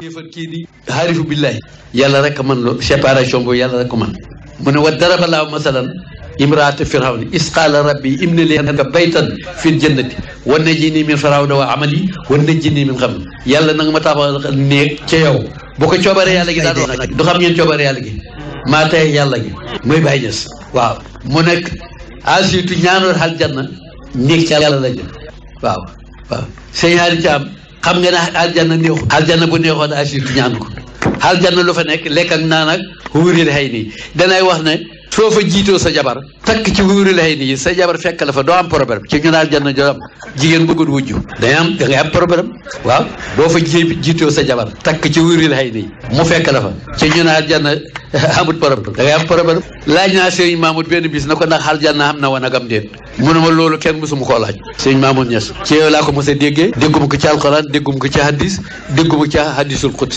kéefar kii di xaarifu billahi yàlla rek man lo séparation boobu yàlla rek man mu a wa daraba laahu masalan imraata firawni is qaala rabbi ibni li ka baytan fil jannati wa najjini a firawna wa amali wa najjini min xam yàlla ma tabaxal néeg ca yow bu ko coobaree yàlla gi daan wax nag du xam ngeen coobaree yàlla gi maa tey yàlla gi mooy Baay Ñas waaw mu nekk ensuite ñaanoon xal janna néeg la jëm waaw waaw sëñ Haadi xam nga ne aljanna néew aljanna bu neexoon asir ñaan ko aljanna lu fa nekk lekk ak naan ak wuuri xëy nii danay wax ne soo fa jiitoo sa jabar takk ci wuuri lay nii sa jabar fekk la fa doo am problème ci ñu naan jann joo am jigéen bëggoon wujju day am da am problème waaw boo fa ji jiitoo sa jabar takk ci wuuri xay nii mu fekk la fa ci ñu naan jann amut problème am problème laaj naa Serigne Mamoud benn bis na ko ndax xaal jann am na woon ak am déet mu ne ma loolu kenn mësuma koo laaj Serigne Mamoud Niass ci laa ko mos a déggee dégguma ko ci alxuraan dégguma ko ci hadis dégguma ko ci hadisul xut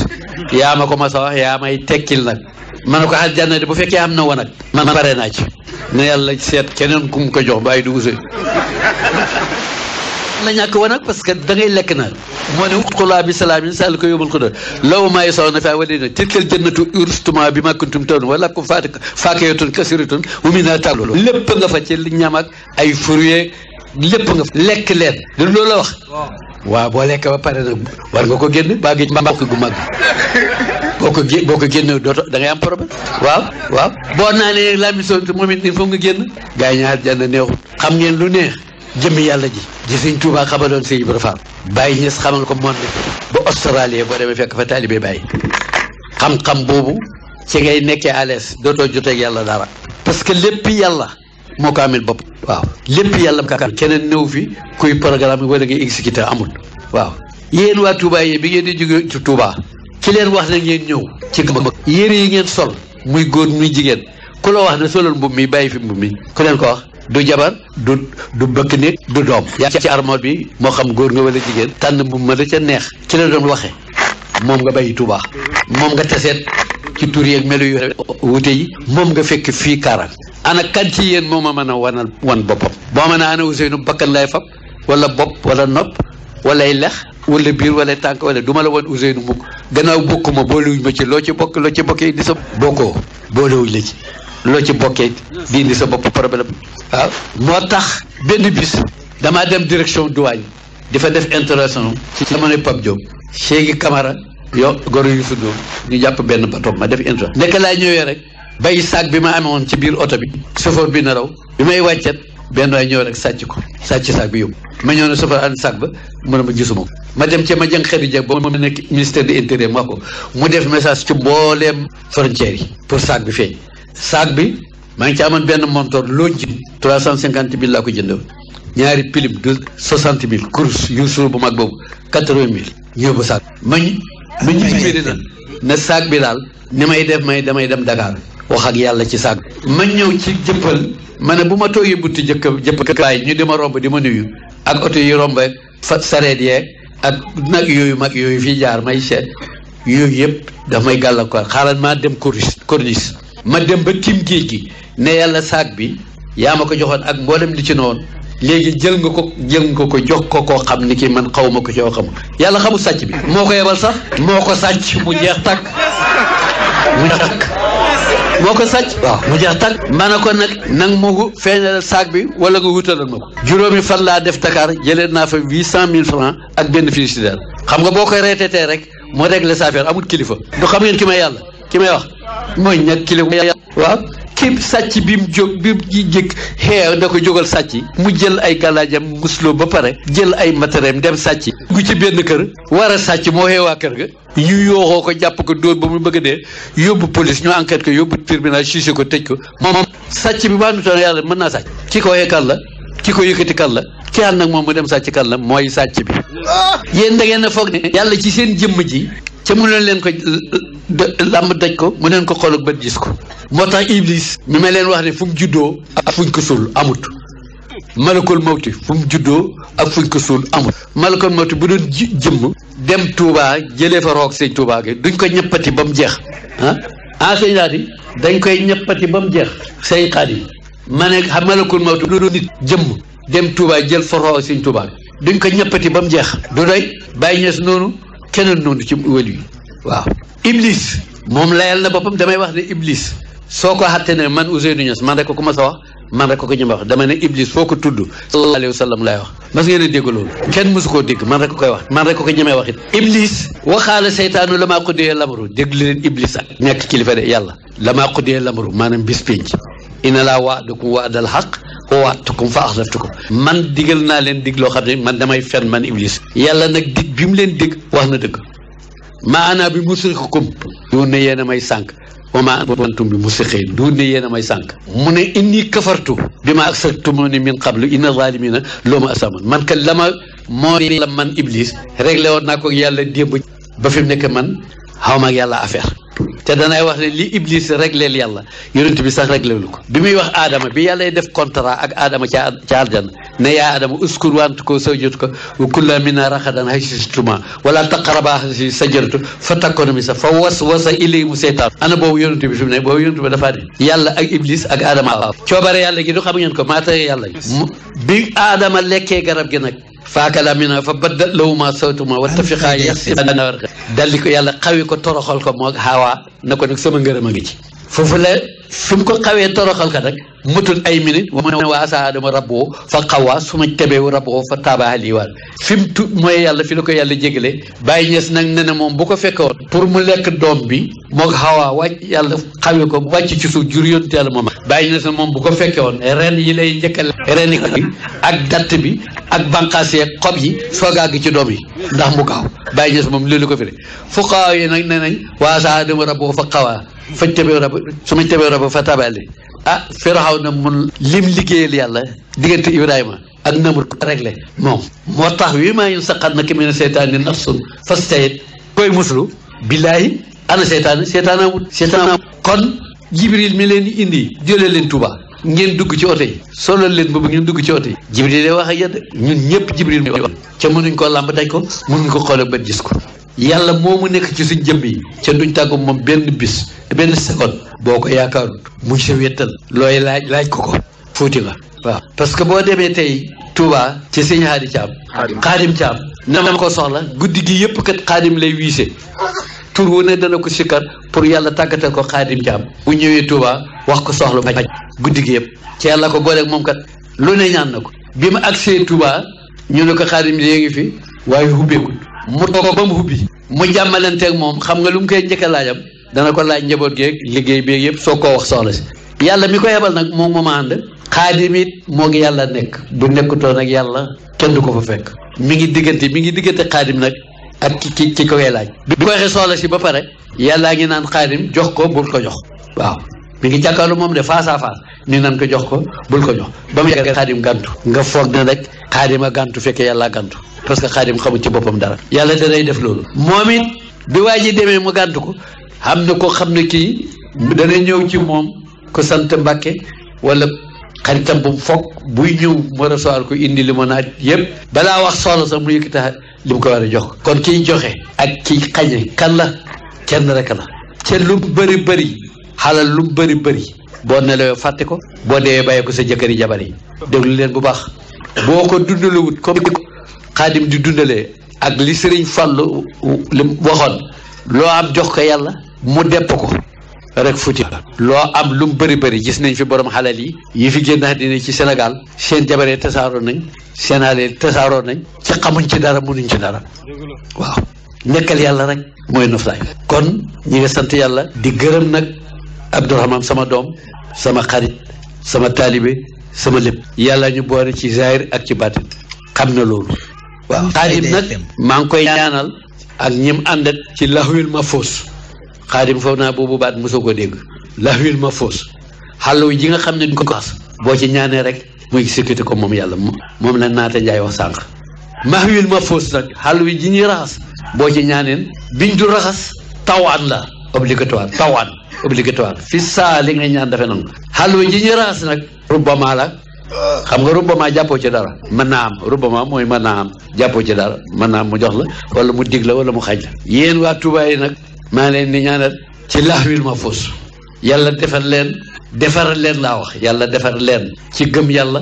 yaa ma ko mas a wax yaa may tekkil nag ma ne ko aljanna de bu fekkee am na woon ak man pare naa ci na yàlla seet keneen kum ko jox bàyyi du usé la ñàkk woon ak parce que da ngay lekk na moo ne xulaa bi salaamin sall ko yóbbul ko doon law maayi sow na faa wadee na tilkal jënnatu urstuma bi makkuntum tawn wala ko faati faakeyotun kasiritun mu mi naa tàllu lépp nga fa ci li ñam ak ay fruits lépp nga fa lekk leen du loolu la wax waaw boo lekkee ba pare nag war nga ko génn baa gu mag boo ko gé boo ko génne dooto da ngay am problème waaw waaw boo naa ne lambisonte moom it il faut nga génn gaa yi jànn neexut xam ngeen lu neex jëmmi yàlla ji ji sëñ Tuubaa xamaloon sëñ Ibra Faal bàyyi ñes xamal ko monde ba Australie boo fekk fa taalibe bàyyi xam-xam boobu ci ngay nekkee à l'aise dootoo joteeg yàlla dara parce que lépp yàlla moo ko amel bopp waaw lépp yàlla kaka keneen néew fi kuy programme wala ngay exécuter amul waaw yéen waa Touba yi bi ngeen di jóge ci ki leen wax na ngeen ñëw ci bëgg yére yi ngeen sol muy góor muy jigéen ku la wax ne solal mbubb mi bàyyi fi mbubb mi ku leen ko wax du jabar du du bëkk nit du doom yaa ci armoire bi moo xam góor nga wala jigéen tànn mbubb ma da ca neex ci la doon waxee moom nga bàyyi Tuubaa moom nga taseet ci tur yeeg melu yu wute yi moom nga fekk fii kaaraan ana kan ci yéen moo ma mën a wanal wan boppam boo mën naa ana nu bakkan lay fab wala bopp wala nopp walay lex wala biir wala tànk wala du ma la woon Ousseynou mukk gannaaw bokk ma boolewuñ ma ci loo ci bokk loo ci bokkee di sa bokkoo boolewuñ la ci loo ci bokkee di sa bopp problème waaw ah, moo tax benn bis damaa dem direction douane di fa def intéressant ci jamonoy Pape Diop Cheikh Camara yo goro yu suddoo ñu jàpp benn bato ma def intéressant nekk laa ñëwee rek bay saag bi ma amoon ci biir oto bi chauffeur bi na bi may wàccet benn waay ñëw rek sàcc ko sàcc saag bi yóbbu ma ñëw ne chauffeur an saag ba mu ne ma gisuma ko ma dem ca ma jëng xedu ja ba mu nekk ministère de l'intérieur ma ko mu def message ci mbooleem frontières yi pour saag bi feeñ saag bi maa ngi ci amoon benn montor loo ji trois cent cinquante mille laa ko jëndoon ñaari pilim de soixante mille course yu suur bu mag boobu quatre-vingt mille yóbbu saag ma ñu ñu ne saag bi daal ni may def may damay dem Dakar wax ak yàlla ci sàgg ma ñëw ci jëppal ma ne bu ma toogee buntu jëkk jëppkaay ñu di ma romb di ma nuyu ak oto yi romb fa sareet yeeg ak nag yooyu mag yooyu fi jaar may seet yooyu yëpp daf may gàllankoor xaaral maa dem corniche corniche ma dem ba tim géej gi ne yàlla saag bi yaa ma ko joxoon ak mboolem li ci noonu léegi jël nga ko jël nga ko jox ko koo xam ni ki man xaw ma ko coo yàlla xamul sàcc bi moo ko yebal sax moo ko sàcc mu jeex tàkk mu takk moo ko sàcc waaw mu jeex tag ma ne ko nag moo mugu feeñal saak bi wala nga wutalal ma ko juróomi fan laa def Dakar jëlee naa fa huit cent mille francs ak benn frigidaire xam nga boo koy reetetee rek moo réglé sa affaire amul kilifa du xam ngeen ki may yàlla ki may wax mooy ñag kilifa waaw ci sàcc bi mu jóg bi mu jëkk xeer na ko jógal sàcc mu jël ay gàllaajam musloo ba pare jël ay matériel dem sàcc gu ci benn kër war a sàcc moo xeewaa kër ga ñu yooxoo ko jàpp ko dóor ba mu bëgg dee yóbbu police ñu enquête ko yóbbu tribunal jugé ko tëj ko moom sàcc bi maa nu toon yàlla mën naa sàcc ki ko yekkal la ki ko yëkkati kan la ki ànd nag moom mu dem sàcc kan la mooy sàcc bi ah! yéen da a foog ne yàlla ci seen jëmm ji ca mu leen leen ko làmb daj ko mu neen ko xool ak bët gis ko moo tax iblis mi ma leen wax ne fu juddoo ak fu ñu ko suul amut malakul mawti fu mu juddoo ak fu ñu ko suul amut malakul mawti bu doon jëmm dem Touba jëlee fa roog sëñ Touba gi duñ ko ñëppati ba mu jeex ah dañ koy ñëppati ba mu jeex sëñ Xaadim ma ne xam malakul mawti bu doon nit jëmm dem Touba jël fa roog sëñ Touba duñ ko ñëppati ba mu jeex du doy bàyyi ñees noonu keneen noonu ci wël yi waaw iblis moom layal na boppam damay wax ne iblis soo ko xatte ne man Ousseynou Niass man rek ko commencé wax man rek ko ñëma wax dama ne iblis foo ko tudd sallallahu alayhi wa sallam laay wax mas ngeen a dégg loolu kenn koo dégg man rek ko koy wax man rek ko ko ñëmee wax it iblis waxaale seytaanu lamaa xuddiyee lamaru déglu leen iblis sax nekk kilifa de yàlla lamaa xuddiyee lamaru maanaam bis pénc ina laa waa waa waadal xaq wa waatukum fa axlaftukum man digal naa leen dig loo xam ne man damay fen man iblis yàlla nag dig bi mu leen dig wax na dëgg ma ana bi musrixikum duur ne yéen a may sànq wa ma antum bi musrixiin duur ne a may sànq mu ne inni kafartu bi ma aksartumuni min qablu inna zalimina loo ma asaman man kat la ma moo la man iblis réglé woon naa ko yàlla démb ba fi mu nekk man xaw ma ak yàlla affaire te danay wax ne li iblis régleel yàlla yonent bi sax réglé lu ko bi muy wax aadama bi yàlla def contrat ak aadama ca ca àjjana ne yaa adama uskur wantu ko sawjatu ko wa kulla mina raxadan haysistuma wala taqraba si sajaratu fa takkoona mi sa fa was wasa ilay mu seytaan ana boobu yonent bi fi mu ne boobu yonent bi dafaa ne yàlla ak iblis ak aadama waaw coobare yàlla gi du xam ngeen ko maa taye yàlla bi aadama lekkee garab gi nag faakala mina fa baddat lawuma sawtuma wa tafiqaa yaxsifaan dalli ko yàlla xawi ko toroxal ko moo xaawaa na ko nag sama ngërëm a ngi ci foofu la fi mu ko xawee toroxal ko nag mu ay minute wa ma waasa adama rabboo fa xawaa su ma tebeewu rabboo fa taabaa liiwaat fi mu tu mooy yàlla fi la ko yàlla jégale bàyyi ñes nag ne na moom bu ko fekkoon pour mu lekk doom bi moog xawaa wàcc yàlla xawee ko mu wàcc ci suuf jur yónni yàlla moom bàyyi ñes na moom bu ko fekkewoon ren yi lay njëkkal ren ak datt bi ak bànqaas xob yi soog ci doom yi ndax mu gaaw bàyyi ñes moom loolu ko fi de fu xawaa yi nag ne nañ waasa adama rabboo fa xawaa fañ tebeewu rabboo su ma tebeewu rabboo fa taabaa ah na mun lim liggéeyal yàlla diggante Ibrahima ak Namrud réglé moom moo tax wi maa yansaxannaka mina seytaani nafsun fastahid koy muslu billaahi ana seytaane seytaane amut seytaane amut kon jibril mi leen indi jëlee leen Tuuba ngeen dugg ci oto yi solal leen boobu ngeen dugg ci oto yi jibril lay wax ak yéen ñun ñëpp jibril mi wax ca nuñ koo làmb daj ko mënuñ ko xoole bët gis ko yàlla mu nekk ci suñ jëmm yi ca duñ tàggu moom benn bis benn seconde boo ko yaakaarut muy sa wéttal looy laaj laaj ko ko fuuti nga waaw parce que boo demee tey Touba ci sëñ Xaadi Caam Xaadim Caam na ma ko soxla guddi gi yëpp kat Xaadim lay wiise tur wu ne dana ko sikkar pour yàlla tàggatal ko Xaadim Caam bu ñëwee Touba wax ko soxla faj guddi gi yëpp ci yàlla ko booleeg moom kat lu ne ñaan na ko bi mu agsee Touba ñu ne ko Xaadim yaa ngi fi waaye hubbeekul mu toog ba mu hubbi mu jàmmalanteeg moom xam nga lu mu koy njëkk a dana ko laaj njaboot geeg liggéey bi yëpp soo koo wax soxla si yàlla mi ko yebal nag moom mooma ànd xaadim it moo ngi yàlla nekk bu nekkutoon ak yàlla kenn du ko fa fekk mi ngi diggante mi ngi diggante xaadim nag ak ki ki ki ko koy laaj bi ko waxee soxla si ba pare yàllaa ngi naan xaadim jox ko bul ko jox waaw mi ngi jàkkaarlu moom de face à face ni nan ko jox ko bul ko jox ba mu yàgg xaadim gàntu nga foog ne rek xaadim a gàntu fekkee yàllaa gàntu parce que xaadim xamul ci boppam dara yàlla danay def loolu moom it ko am na koo xam ne kii dana ñëw ci moom ko sant Mbàkke wala xaritam bu mu foog buy ñëw mu recevoir ko indi limonade yépp balaa wax soxla sax mu yëkkati li mu ko war a jox kon kiy joxe ak kiy xañe kan la kenn rek la lu bëri bëri lu bëri bëri boo nelawee fàtte ko boo deewee bàyyi ko sa jëkkëri jabar yi déglu leen bu baax boo ko dundalewut ko xaadim di dundale ak li sëriñ Fàllu li waxoon loo am jox ko yàlla mu depp ko rek futi loo am lu mu bari bëri gis nañ fi borom xalal yi yi fi génn àddina ci senegal seen jabaree tasaaroo nañ seen aleel tasaaroo nañ ci xamuñ ci dara mënuñ ci dara waaw nekkal yàlla rek mooy noflaay kon ñi nga sant yàlla di gërëm nag Abdourahmane sama doom sama xarit sama taalibe sama lépp yàlla ñu boole ci zahir ak ci baatin xam na loolu waaw xaalim nag maa ngi koy ñaanal ak ñim àndat ci laxwil ma foos xaadim foog naa boobu ji nga xam ne duñ ko kaas boo ci ñaanee rek muy sécurité ko moom yàlla moom la naata njaay wax sànq mahwil ma foos nag xàllu ji ñuy raxas boo ci ñaaneen biñ du raxas tawaan la obligatoire tawaan obligatoire fi saa li nga ñaan dafa nangu xàllu ji ñuy raxas nag rubbama la xam nga rubbama jàppoo ci dara mën naa am mooy mën naa am jàppoo ci dara mën naa mu jox la wala mu dig la wala mu xaj la yéen waa Tuubaa nag maa leen di ñaanal ci laawil ma fos yàlla defar leen defar leen laa wax yàlla defar leen ci gëm yàlla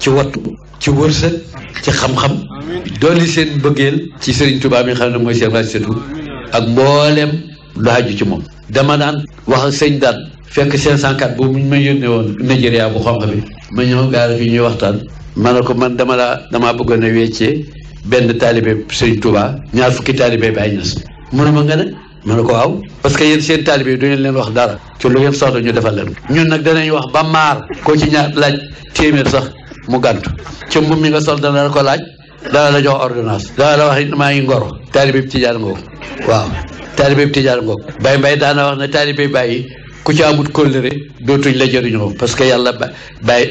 ci wattu ci wërsëg ci xam-xam dooli seen bëggeel ci Serigne Touba mi nga xam ne mooy seen rajo ak mboolem lu haju ci moom. dama daan wax ak sëñ daan fekk 504 boobu ñu ma yónnee woon Nigeria bu xonq bi ma ñëw gaara fi ñuy waxtaan ma ne ko man dama laa damaa bëggoon a weccee benn taalibe Serigne Touba ñaar fukki taalibe Baay Ñas mu ma ko waaw parce que yéen seen taalibe du ñu leen wax dara ci lu ngeen soxla ñu defal leen ñun nag danañ wax ba maar koo ci ñaar laaj téeméer sax mu gàntu ci mbubb mi nga sol dana la ko laaj dana la jox ordonnance dana la wax maa ngi ngoro taalibe bi tijaan ngoog waaw taalibe bi tijaan ngoog bay mbay daana wax na ne taalibe bàyyi ku ci amut kóllëre dootuñ la jëriñoo parce que yàlla bay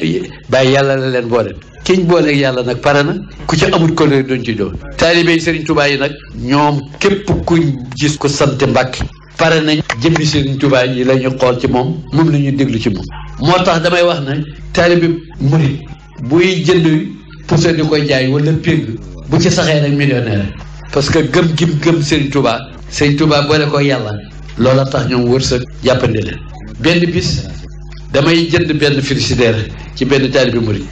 bay yàlla la leen boole ki ñu yàlla nag pare na ku ci amul kóllëre doon ci doon taalibe yi Serigne yi nag ñoom képp ku gis ko sant Mbàkke pare nañ jëmmi Serigne Touba yi la ñu xool ci moom moom la ñuy déglu ci moom moo tax damay wax ne taalibe murit buy jënd pousse di koy jaay wala péng bu ci saxee nag millionnaire parce que gëm gim gëm Serigne Touba Serigne Touba boole ko yàlla loola tax ñoom wërsëg jàppandi leen benn bis damay jënd benn frigidaire ci benn taalibe murit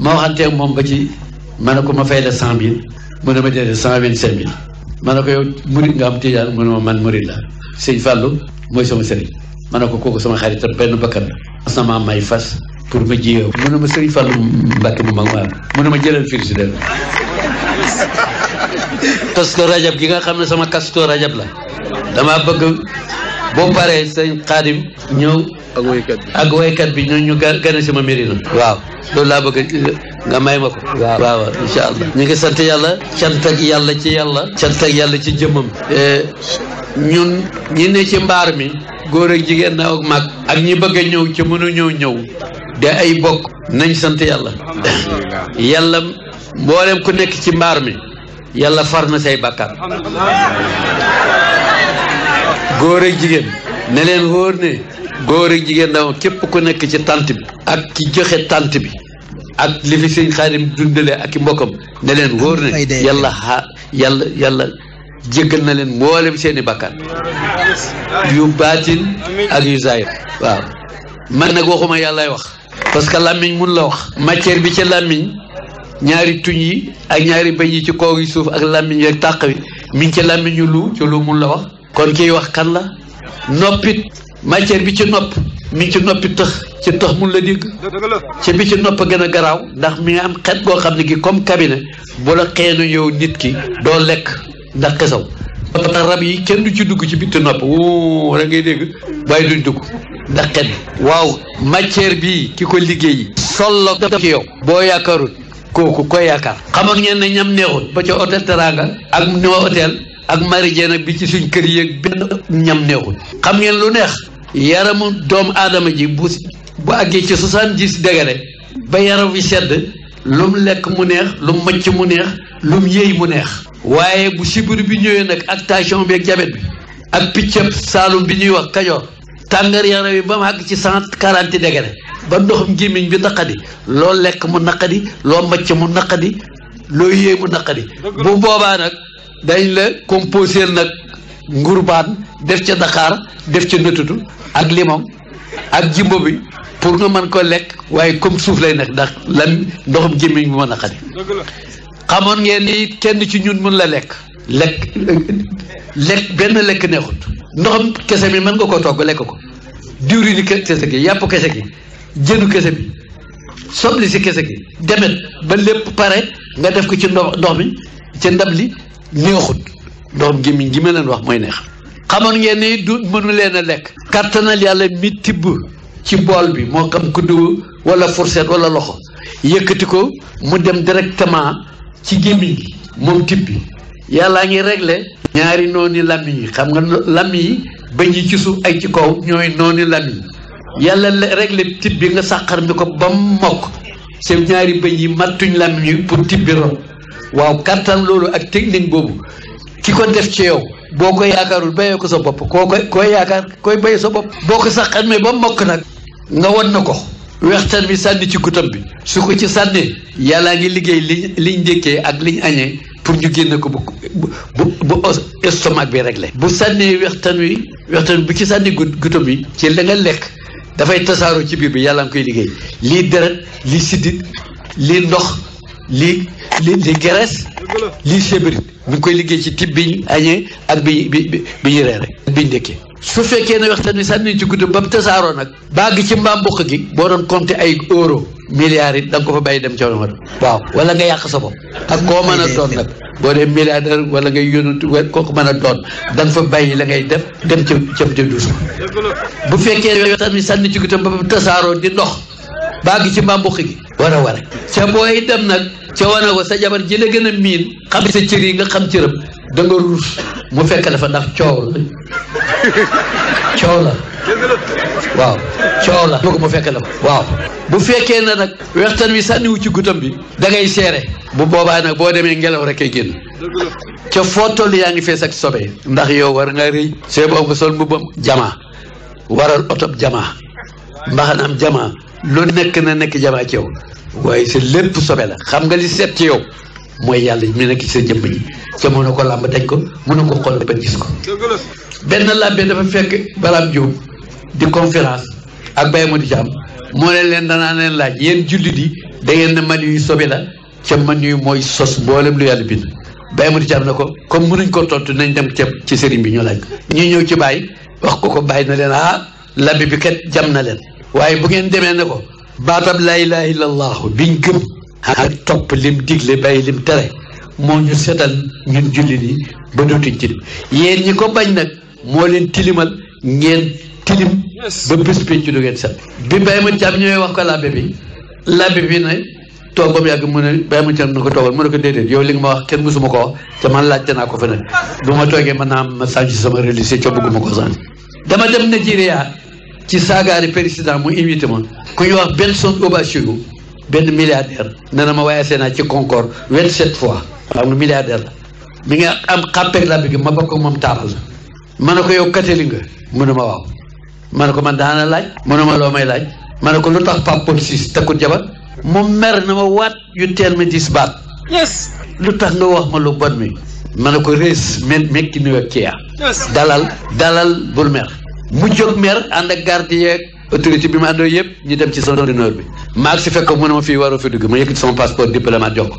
ma waxanteeg moom ba ci ma ne ko ma fay la cent mille mu ne ma déedéet cent mille ma ne ko yow murit nga am tijaan mu ne ma man murit la sëñ Fallou mooy sama sëriñ ma ne ko kooku sama xarit benn bakkan la mas na ma may fas pour ma jiyeew mu a ma sëriñ Fallou Mbàkke mu mag maa mu a ma jëlal frigidaire kasto rajab gi nga xam ne sama kasto rajab la damaa bëgg boo paree sëñ xaadim ñëw. ak waykat bi ak waykat bi ñoo ñu gane sama mérina waaw loolu laa bëgg nga may ma ko. waaw waaw allah. ñu ngi sant yàlla cant ak yàlla ci yàlla. cant ak yàlla ci jëmmam. Eh, ñun ñi ne ci mbaar mi góor ak jigéen na ak ñi bëgg ñëw ci mënuñoo ñëw de ay bokk nañ sant yàlla yàlla mboolem ku nekk ci mbaar mi yàlla far na say bàkkaar. góor ak jigéen ne leen wóor ne góor ak jigéen dama képp ku nekk ci tànt bi ak ki joxe tànt bi ak li fi sëñ Xaadim dundale ak i mbokkam ne leen wóor ne yàlla xaa yàlla yàlla jéggal na leen mboolem seeni bakkan yu baatin ak yu zaahir waaw man nag waxuma yàllaay wax parce que làmmiñ mun la wax matière bi ci làmmiñ ñaari tuñ yi ak ñaari bañ yi ci kaw suuf ak làmmiñ yi ak tàq bi mi ci làmmiñ yu lu ci lu mun la wax kon kiy wax kan la noppit matière bi ci nopp mi ngi ci noppi tëx ci tëx mun la dégg ci bi ci nopp gën a garaaw ndax mi nga am xet goo xam ne gi comme cabinet bu la xeenu yow nit ki doo lekk ndax xesaw rab yi kenn du ci dugg ci bitti nopp wuu rek ngay dégg waaye duñ dugg ndax xet waaw matière bii ki ko liggéeyi sollo daf ci yow boo yaakaarul kooku koy yaakaar xamoon ngeen ne ñam neexul ba ca hôtel Teranga ak ñoo hôtel ak marijana bi ci suñ kër yéeg benn ñam neexul xam ngeen lu neex yaramu doomu aadama ji bu bu àggee ci soixante-dix degré ba yaram wi sedd lu mu lekk mu neex lu mu mëcc mu neex lum mu yëy mu neex waaye bu sibir bi ñëwee nag ak tension bi ak jabet bi ak piccab saalum bi ñuy wax kajoor tàngar yaram yi ba mu àgg ci cent quarante degré ba ndoxum gémmiñ bi naqadi loo lekk mu naqadi loo mëcc mu naqadi loo yëy mu naqadi bu boobaa nag dañ la composé nag ngurbaan def ca daxaar def ca nëtutu ak limam ak jimbo bi pour nga mën koo lekk waaye comme suuf lay nekk ndax lan ndoxum gémmiñ bu mën a xadi xamoon ngeen ni kenn ci ñun mun la lekk lekk lekk benn lekk neexut kese mi mën nga koo togg lekk ko diwlinu kese gi yàpp kese gi jënu kese bi sobli si kese gi demet ba lépp pare nga def ko ci ndox ndox mi ci ndab li neexut ndox gémmiñ gi ma leen wax mooy neex xamoon ngeen ni du mënu leen a lekk kattanal yàlla mi tibb ci bool bi moo xam kuddu wala fourchette wala loxo yëkkati ko mu dem directement ci gémmiñ gi moom tibb bi yàllaa ngi regle ñaari nooni làmmiñ yi xam nga làmm yi bañ yi ci suuf ak ci kaw ñooy nooni làmmiñ yàlla réglé tibb bi nga sàqar mi ko ba mokk seen ñaari bëñ yi mattuñ làmmiñ yi pour tibb ron waaw kattan loolu ak technique boobu ki ko def ci yow boo ko yaakaarul béyee ko sa bopp koo koy koy yaakaar koy béy sa bopp boo ko sax xamee ba mokk nag nga wan na ko weextaan bi sànni ci gutam bi su ko ci sànnee yàllaa ngi liggéey li li njëkkee ak liñ añee pour ñu génn ko bu bu bu estomac bi réglé bu sànnee weextaan wi weextaan bu ci sànni gutam bi ci la lekk dafay tasaaroo ci biir bi yàlla ngi koy liggéey lii deret lii siddit lii ndox lii li li graisse li sébrit mu ngi koy liggéey ci tib añee ak bi bi bi ñu reere ak bi ñu su fekkee ne waxtaan ni sànni ci guddi ba mu tasaaroo nag bàgg ci mbaam mboq gi boo doon compter ay euro milliards it da nga ko fa bàyyi dem coono ma waaw wala nga yàq sa bopp ak koo mën a doon nag boo dee milliardaire wala ngay yónut kooku mën a doon da nga fa bàyyi la ngay def dem ca ca ca duus bu fekkee waxtaan wi sànni ci guddi ba mu tasaaroo di dox baa gi ci mbambuq gi war a ware ca booy dem nag ca wane sa jabar ji gën a miin xam yi nga xam cëram da mu fekk dafa ndax coow la coow la waaw coow la bëgg fekk la ko waaw bu fekkee na nag wextaan wi sànniwu ci gutam bi da ngay seere bu boobaa nag boo demee ngelaw rek ay génn ca foo toll yaa ngi fees ak sobe ndax yow war nga rëy see boobu nga sol mbubbam jamaa waral otob jamaa mbaxanaam jamaa lu nekk na nekk jamaa ci yow waaye sa lépp sobe la xam nga li seet ci yow mooy yàlla mu nekk ci sa jëmm ji ca mën na ko làmb daj ko mën na ko xool ba gis ko benn làbbe dafa fekk balaam Jóob di conférence ak Baye Modou Thiam moo leen leen danaa leen laaj yéen jullit yi da ngeen ne man yu sobe la ca man yu mooy sos mboolem lu yàlla bind Baye Modou Thiam na ko comme mënuñ ko tontu nañ dem ceeb ci sëriñ bi ñu laaj ñuy ñëw ci Baye wax ko ko Baye na leen ah làbbe bi kat jam na leen waaye bu ngeen demee ne ko baatab laa ilaha illa allahu biñ gëm ak topp lim digle bàyyi lim tere moo ñu setal ñun julli nii ba dootuñ tilim yéen ñi ko bañ nag moo leen tilimal ngeen tilim ba bés pénc du ngeen set bi bàyyi ma càam ñooy wax ko labbe bi labbe bi ne toog ba mu yàgg mu ne bàyyi ma càam na ko toogal mu ne ko déedéet yow li nga ma wax kenn mësuma ko wax te man laajte naa ko feneen bu ma toogee mën naa am ma sànci sama religion ca bëgguma ko sànci ci saagaari président mu invité ma ku ñuy wax Benson Obasio benn milliardaire nee na ma voyagé naa ci Concorde vingt sept fois xam nga milliardaire la mi nga am xàppeeg la bi ma bokk moom taabal ma ne ko yow catholique nga mu ma waaw ma ne ko man daana laaj mu ma loo may laaj ma ne ko lu tax Pape Paul Ciss takkut jabar mu mer na ma waat yu teel ma dis baat yes lu tax nga wax ma lu bon mi man a ko rees me mekki niwa kiya dalal dalal bul mer mu jóg mer ànd ak garde yeeg autorité bi ma àndoo yëpp ñu dem ci zone d'honneur bi maag si fekk mu ne ma fii waroo fi dugg ma yëkkati sama passeport diplomate jox ko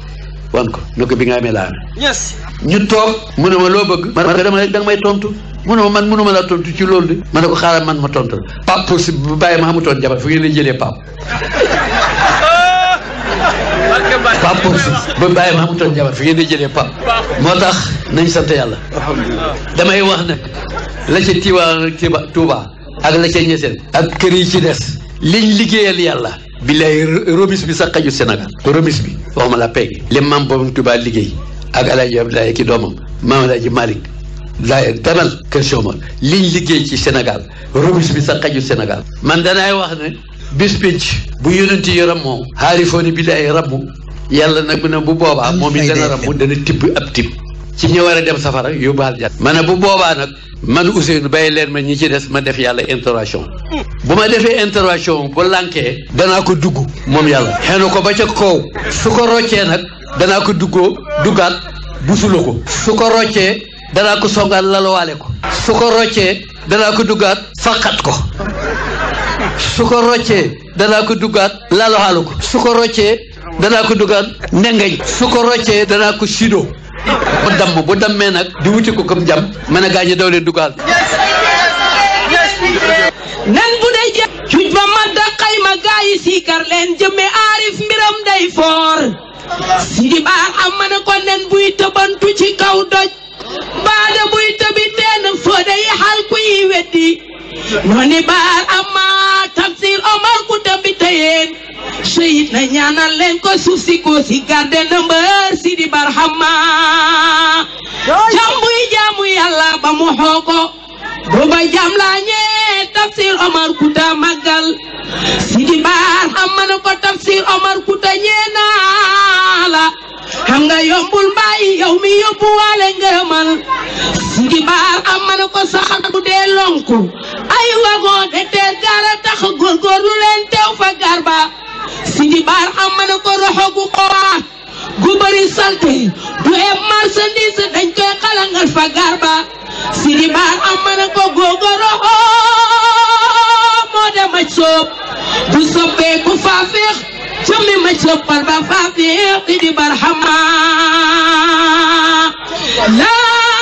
wan ko ne bi nga amee laa amee ñu toog mu ne ma loo bëgg man dama ne may tontu mu ne man mënu ma laa tontu ci loolu de ma ne ko xaaral man ma tontu la pap possible bu bàyyi ma xamutoon jabar fu ngeen di jëlee pap pap ba bàyyi ma xamutoon jabar fi ngeen di jëlee pap moo tax nañ sant yàlla damay wax nag la ca Tiwaawan ak ak la ca ñeseen ak kër yi ci des liñ liggéeyal yàlla billaay remise bi sax xaju Sénégal remise bi waxuma la pegg li maam boobu Tuuba liggéey ak Alaaji Abdoulaye ki doomam maam Alaaji Malick daa demal kër Choma liñ liggéey ci senegal remise bi sax xaju Sénégal man danaay wax ne bis pénc bu yonenti yaram moom xaarifooni billaay rabbu yàlla nag bu ne bu boobaa moom it dana rabbu dana tibb ab tibb ci ñi war a dem safara yóbbaal jat ma ne bu boobaa nag man Ousseynou bàyyi leen ma ñi ci des ma def yàlla intervention bu ma defee intervention bu lànkee danaa ko dugg moom yàlla xenu ko ba ca kaw su ko roccee nag danaa ko duggoo duggaat busula ko su ko roccee danaa ko songaat lalawaale ko su ko roccee danaa ko duggaat faqat ko su ko roccee danaa ko duggaat lalawaale ko su ko roccee danaa ko duggaat nengeñ su ko roccee danaa ko sido bu damm bu dammee nag di wuti ko comme jàmm mën a gaañe daw leen dugaal nan bu dee jë cuuj ba man da xayma gaa yi siikar leen jëmme aarif mbiram day foor sidi baax am mën a ko nen buy tëbantu ci kaw doj baada buy tëbi teen fëde yi ku yi weddi nooni baax am ma tafsir omar ku tëbi seyit na ñaanal leen ko suuf ko si garde na mbër si di barxama jambuy jaamu yàlla ba mu xooko booba jaam laa ñee tafsir omar kuta màggal si di barxama na ko tafsir omar kuta ñee naa la xam nga yombul mbaay yow mi yóbbu waale si di barxama na ko saxat bu lonku ay wagon de teer gaara tax góorgóorlu leen teew fa garba Sidi Baar am na ko roxo gu xowaat gu bëri salte du eb marchandise dañ koy xalangal fa garba Sidi Baar am na ko googo roxo moo dem a du soppee bu faafeex jëmmi ma coob par ba faafeex Sidi Baar xamaa